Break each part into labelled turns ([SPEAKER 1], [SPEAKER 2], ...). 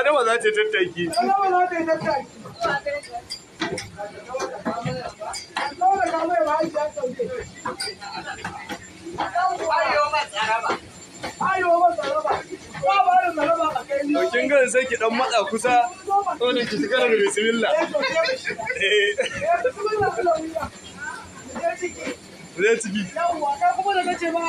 [SPEAKER 1] Adama za tattaki. Kin sai ki matsa kusa eh, eh. Eh, da bismillah.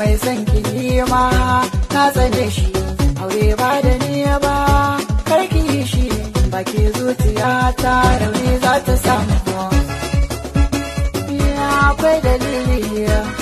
[SPEAKER 2] mai son ki ma na tsane shi aure ba da ni ba karki shi baki zuciya ta rauni za ta samu akwai dalili